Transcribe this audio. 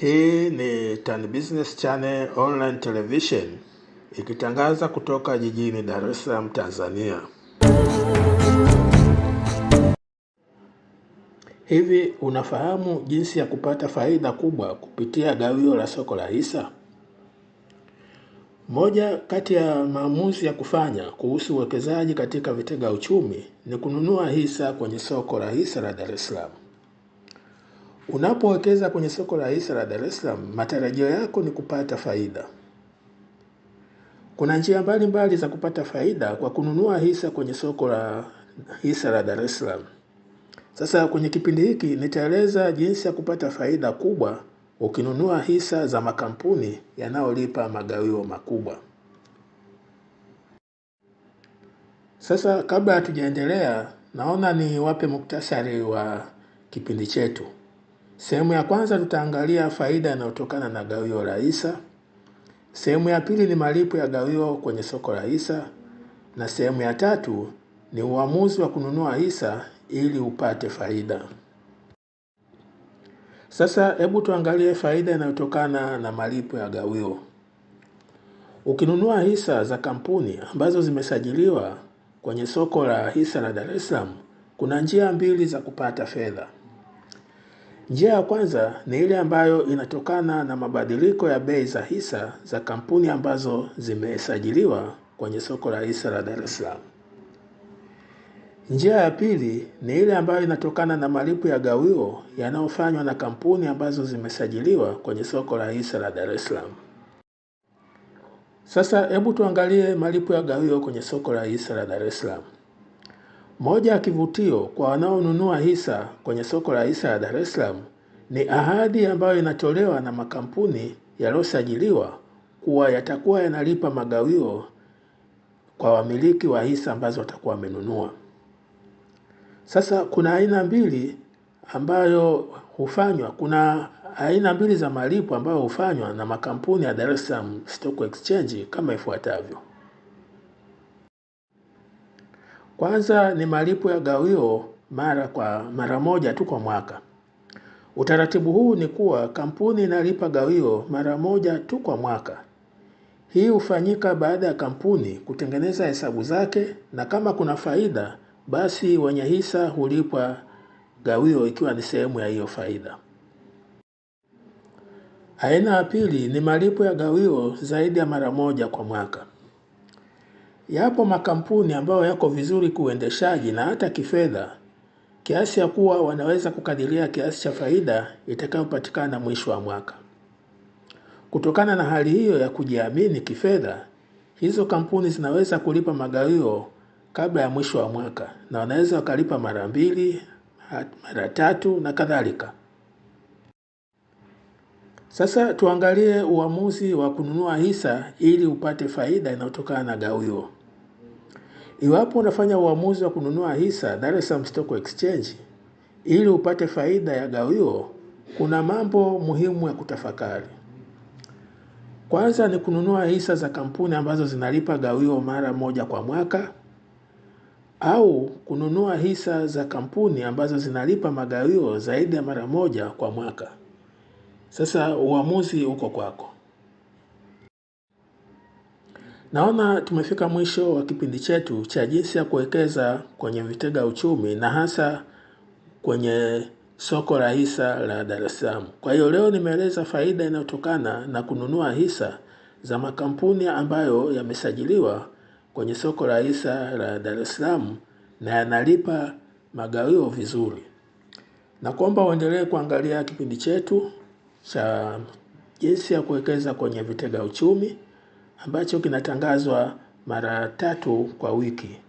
Hii ni Tan Business Channel Online Television ikitangaza kutoka jijini Dar es Salaam, Tanzania. Hivi unafahamu jinsi ya kupata faida kubwa kupitia gawio la soko la hisa? Moja kati ya maamuzi ya kufanya kuhusu uwekezaji katika vitega uchumi ni kununua hisa kwenye soko la hisa la Dar es Salaam. Unapowekeza kwenye soko la hisa la Dar es Salaam, matarajio yako ni kupata faida. Kuna njia mbalimbali za kupata faida kwa kununua hisa kwenye soko la hisa la Dar es Salaam. Sasa kwenye kipindi hiki nitaeleza jinsi ya kupata faida kubwa ukinunua hisa za makampuni yanayolipa magawio makubwa. Sasa kabla hatujaendelea, naona niwape muktasari wa kipindi chetu. Sehemu ya kwanza tutaangalia faida inayotokana na gawio la hisa. Sehemu ya pili ni malipo ya gawio kwenye soko la hisa, na sehemu ya tatu ni uamuzi wa kununua hisa ili upate faida. Sasa hebu tuangalie faida inayotokana na malipo ya gawio. Ukinunua hisa za kampuni ambazo zimesajiliwa kwenye soko la hisa la Dar es Salaam, kuna njia mbili za kupata fedha. Njia ya kwanza ni ile ambayo inatokana na mabadiliko ya bei za hisa za kampuni ambazo zimesajiliwa kwenye soko la hisa la Dar es Salaam. Njia ya pili ni ile ambayo inatokana na malipo ya gawio yanayofanywa na kampuni ambazo zimesajiliwa kwenye soko la hisa la Dar es Salaam. Sasa hebu tuangalie malipo ya gawio kwenye soko la hisa la Dar es Salaam. Moja ya kivutio kwa wanaonunua hisa kwenye soko la hisa ya Dar es Salaam ni ahadi ambayo inatolewa na makampuni yaliyosajiliwa kuwa yatakuwa yanalipa magawio kwa wamiliki wa hisa ambazo watakuwa wamenunua. Sasa kuna aina mbili ambayo hufanywa, kuna aina mbili za malipo ambayo hufanywa na makampuni ya Dar es Salaam Stock Exchange kama ifuatavyo. Kwanza ni malipo ya gawio mara kwa mara moja tu kwa mwaka. Utaratibu huu ni kuwa kampuni inalipa gawio mara moja tu kwa mwaka. Hii hufanyika baada ya kampuni kutengeneza hesabu zake na kama kuna faida basi wenye hisa hulipwa gawio ikiwa ni sehemu ya hiyo faida. Aina ya pili ni malipo ya gawio zaidi ya mara moja kwa mwaka. Yapo makampuni ambayo yako vizuri kuendeshaji na hata kifedha, kiasi ya kuwa wanaweza kukadiria kiasi cha faida itakayopatikana mwisho wa mwaka. Kutokana na hali hiyo ya kujiamini kifedha, hizo kampuni zinaweza kulipa magawio kabla ya mwisho wa mwaka na wanaweza wakalipa mara mbili, mara tatu na kadhalika. Sasa tuangalie uamuzi wa kununua hisa ili upate faida inayotokana na gawio. Iwapo unafanya uamuzi wa kununua hisa Dar es Salaam Stock Exchange ili upate faida ya gawio, kuna mambo muhimu ya kutafakari. Kwanza ni kununua hisa za kampuni ambazo zinalipa gawio mara moja kwa mwaka au kununua hisa za kampuni ambazo zinalipa magawio zaidi ya mara moja kwa mwaka. Sasa uamuzi uko kwako. Naona tumefika mwisho wa kipindi chetu cha jinsi ya kuwekeza kwenye vitega uchumi na hasa kwenye soko la hisa la Dar es Salaam. Kwa hiyo leo nimeeleza faida inayotokana na kununua hisa za makampuni ambayo yamesajiliwa kwenye soko la hisa la Dar es Salaam na yanalipa magawio vizuri. Na kuomba uendelee kuangalia kipindi chetu cha jinsi ya kuwekeza kwenye vitega uchumi ambacho kinatangazwa mara tatu kwa wiki.